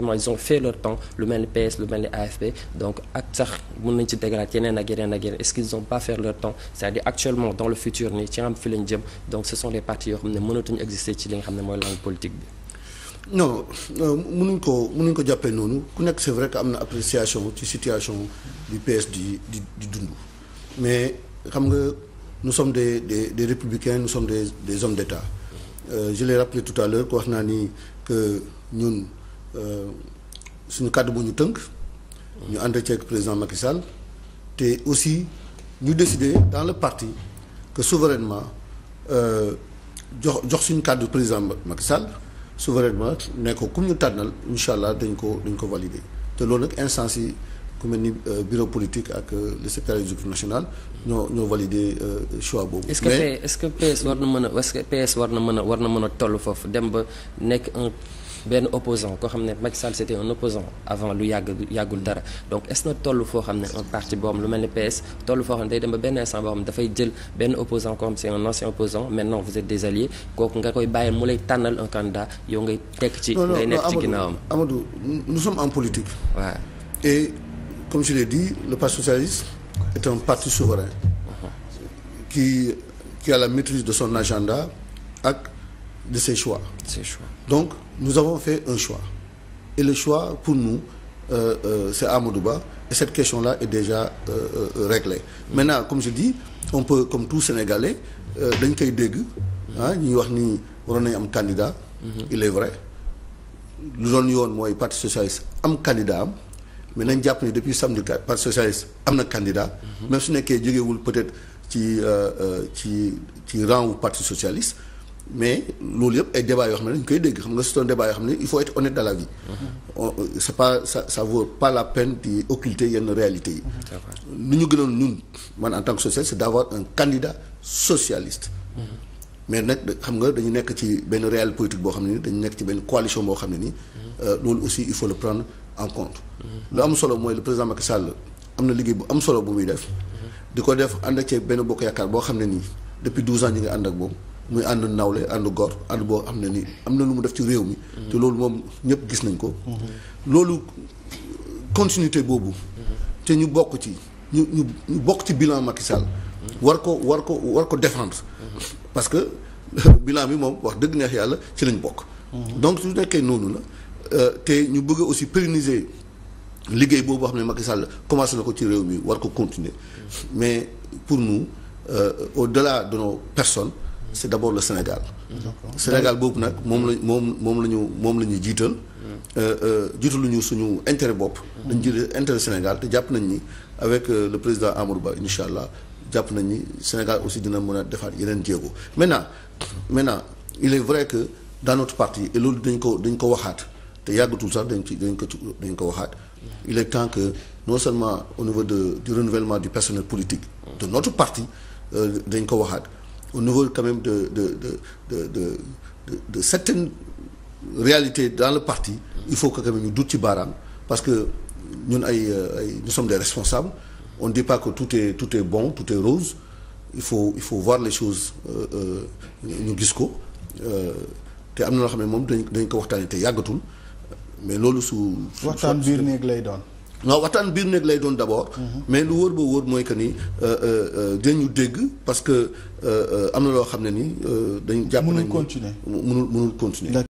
vraiment ils ont fait leur temps lu mel ni ak sax nañ ci dégalaat yeneen ak yeneen ak yeneen est-ce qu'ils ont pas fait leur temps c'est-à-dire actuellement dans le futur nii ci nga xam fi euh, ko mënuñ jàppee noonu ku nekk c'est vrai que am na appréciation ci situation du PS di di dund mais xam nga nous sommes des des des républicains nous sommes des des hommes d'État euh, je l'ai rappelé tout à l'heure ko wax naa ni que ñun Euh, suñu kàddu bu ñu tënk. ñu ànd président Macky Sall te aussi ñu décider dans le parti que souverainement euh, jox jox suñu kàddu président Macky Sall souverainement ne ko comme ñu tànnal incha allah dañ ko dañ ko valider te loolu instance yi ku mel ni euh, bureau politique ak le secrétaire exécutif national ñoo ñoo validé choix boobu. mais est-ce que PS war na mën a est-ce que PS war na mën a war na mën a toll foofu dem ba nekk un. benn opposant koo xam ne Macky Sall c'était un opposant avant lu yàgg yàggul dara donc est ce toll foo xam ne un parti boo lu mel ni PS toll foo xam ne day dem ba benn instant boo xam dafay jël benn opposant koo xam c'est un ancien opposant maintenant vous êtes kooku nga koy bàyyil mu lay tànnal un candidat yow ngay tekk ci ngay nekk ci ginnaawam Amadou nous sommes en politique waaw ouais. et comme je l'ai dit le parti socialiste est un parti souverain uh-huh. qui qui a son agenda de ses choix. De Donc, nous avons fait un choix. Et le choix, pour nous, euh, euh, c'est Amadouba. Et cette question la est déjà euh, euh réglée. Mm. Maintenant, comme je dis, on peut, comme tout Sénégalais, euh, dañ koy dégg, mm. ah, wax ni nous avons un candidat, mm-hmm. il est vrai. Nous avons mooy parti socialiste, un candidat, mais jàpp avons depuis samedi, le parti socialiste, na candidat, mm-hmm. même si nous avons peut-être qui, euh, ci ci rend au parti socialiste, mais loolu yëpp ay débat yoo xam ne dañ koy dégg xam nga c'est un débat xam ne il faut être honnête dans la vie mm-hmm. on euh, c'est pas ça ça vaut pas la peine di occulter yenn réalités yi lu mm-hmm. ñu gënoon ñun man en tant que socialiste c'est d'avoir un candidat socialiste mm-hmm. mais nag xam nga dañu nekk ci benn réel politique boo xam ne ni dañu nekk ci benn coalition boo xam ne nii euh, loolu aussi il faut le prendre en compte lu am solo mooy le président Macky Sall am na liggéey bu am solo bu muy def di ko def ànd ak ci benn bokk yaakaar boo xam ne nii depuis douze ans ñu ngi ànd ak muy ànd nawle ànd gor ànd boo xam ne ni am na lu mu def ci réew mi. te loolu moom ñëpp gis nañ ko. loolu continuité boobu. te ñu bokk ci ñu ñu ñu bokk ci bilan Macky war ko war ko war ko défendre. parce que bilan bi moom wax dëgg neex yàlla ci lañ bokk. donc su nekkee noonu la euh, te ñu bëgg aussi pérenniser liggéey boobu xam ne Macky Sall commencé na ko ci réew mi war ko continuer mais pour nous euh, au-delà de nos personnes. c'est d'abord le Sénégal. Sénégal boobu nag moom la moom moom la ñu moom la ñu jiital. Euh, euh, jiitaluñu suñu intérêt bopp. dañ jiital intérêt Sénégal te jàpp nañ ni avec euh, le président Amadou Ba incha allah jàpp nañ ñi Sénégal aussi dina mën a defaat yeneen jéego maintenant maintenant il est vrai que dans notre parti et loolu dañ ko dañ ko waxaat te yàggatul sax dañ ci dañ ko dañ ko waxaat. il est temps que non seulement au niveau de du renouvellement du personnel politique. de notre parti dañ ko waxaat. au niveau quand de de de de de de, de certaines réalités dans le parti il faut que quand ñu dut ci baaraam parce que ñun ay euh, ay de sommes des responsables on ne dit tout est tout est bon tout est rose il faut il faut voir les choses euh, euh, ñu gis ko te am na loo xam ne moom dañ dañ ko waxtaanee yàggatul mais loolu su. waxtaan biir néeg lay doon. waaw waxtaan biir néeg lay doon d'abord. Mhm. mais lu wóor ba wóor mooy que ni euh, euh, euh, dañu dégg parce que am na loo xam ne ni dañ jàpp nañ. mënul continuer mënul mënul continuer.